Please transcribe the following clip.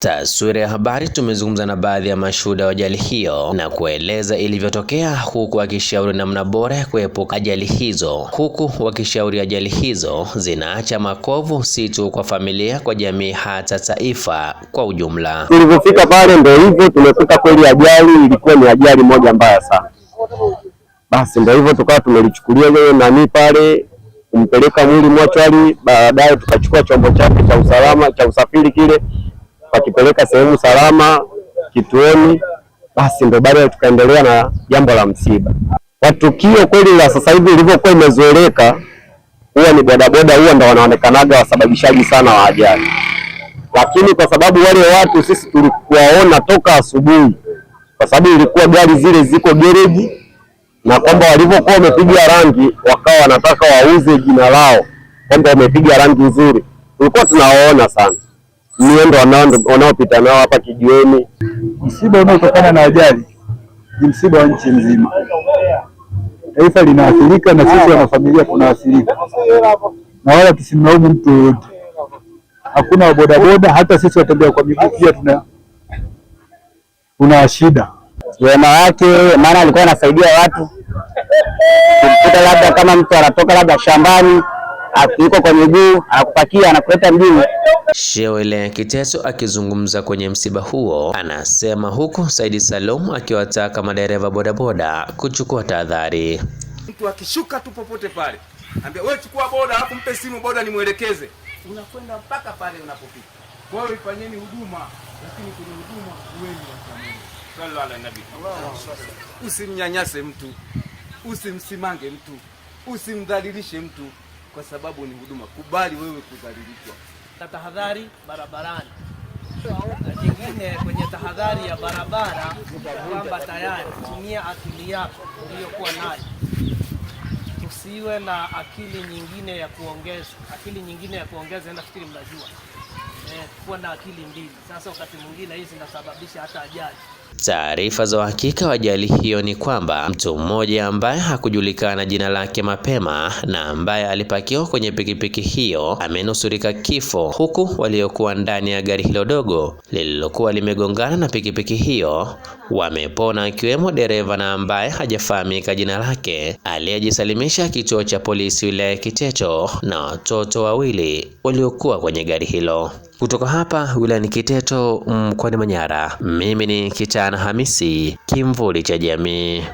Taswira ya habari tumezungumza na baadhi ya mashuhuda wa ajali hiyo na kueleza ilivyotokea, huku wakishauri namna bora ya kuepuka ajali hizo, huku wakishauri ajali hizo zinaacha makovu si tu kwa familia, kwa jamii, hata taifa kwa ujumla. Tulivyofika pale ndio hivyo, tumefika kweli, ajali ilikuwa ni ajali moja mbaya sana. Basi ndio hivyo, tukawa tumelichukulia leo nani pale kumpeleka mwili mochwari, baadaye tukachukua chombo chake cha usalama cha usafiri kile wakipeleka sehemu salama kituoni, basi ndo baada tukaendelea na jambo la msiba. Kwa tukio kweli la sasa hivi lilivyokuwa imezoeleka, huwa ni bodaboda, huwa ndo wanaonekanaga wasababishaji sana wa ajali, lakini kwa sababu wale watu sisi tulikuwaona toka asubuhi, kwa sababu ilikuwa gari zile ziko gereji, na kwamba walivyokuwa wamepiga rangi, wakawa wanataka wauze jina lao kwamba wamepiga rangi nzuri, tulikuwa tunawaona sana miendo wanaopita nao hapa kijiweni. Msiba unaotokana na ajali ni msiba wa nchi nzima, taifa linaathirika na sisi wanafamilia tunaathirika, na wala tusimlaumu mtu yoyote, hakuna wabodaboda, hata sisi watembea kwa miguu pia tuna tuna shida. Wema wake, maana alikuwa anasaidia watu, kumkuta labda kama mtu anatoka labda shambani yuko kwa miguu, anakupakia anakuleta mjini. Shewele Kiteto akizungumza kwenye msiba huo anasema, huku Saidi Salum akiwataka madereva bodaboda kuchukua tahadhari. Mtu akishuka tu popote pale, anambia wewe chukua boda, alafu mpe simu boda nimwelekeze, unakwenda mpaka pale unapopita. Kwa hiyo ifanyeni huduma, lakini kwenye huduma uweni usimnyanyase mtu, usimsimange mtu, usimdhalilishe mtu kwa sababu ni huduma. Kubali wewe kudhalilishwa. Tahadhari barabarani na jingine kwenye tahadhari ya barabara kwamba tayari tumia akili yako uliyokuwa nayo, tusiwe na akili nyingine ya kuongeza. Akili nyingine ya kuongeza, nafikiri mnajua eh, kuwa na akili mbili. Sasa wakati mwingine hii zinasababisha hata ajali. Taarifa za uhakika wa ajali hiyo ni kwamba mtu mmoja ambaye hakujulikana jina lake mapema na ambaye alipakiwa kwenye pikipiki hiyo amenusurika kifo, huku waliokuwa ndani ya gari hilo dogo lililokuwa limegongana na pikipiki hiyo wamepona, akiwemo dereva na ambaye hajafahamika jina lake aliyejisalimisha kituo cha polisi wilaya ya Kiteto na watoto wawili waliokuwa kwenye gari hilo. Kutoka hapa wilayani Kiteto mkoani Manyara, mimi ni Kitana Hamisi, kimvuli cha jamii.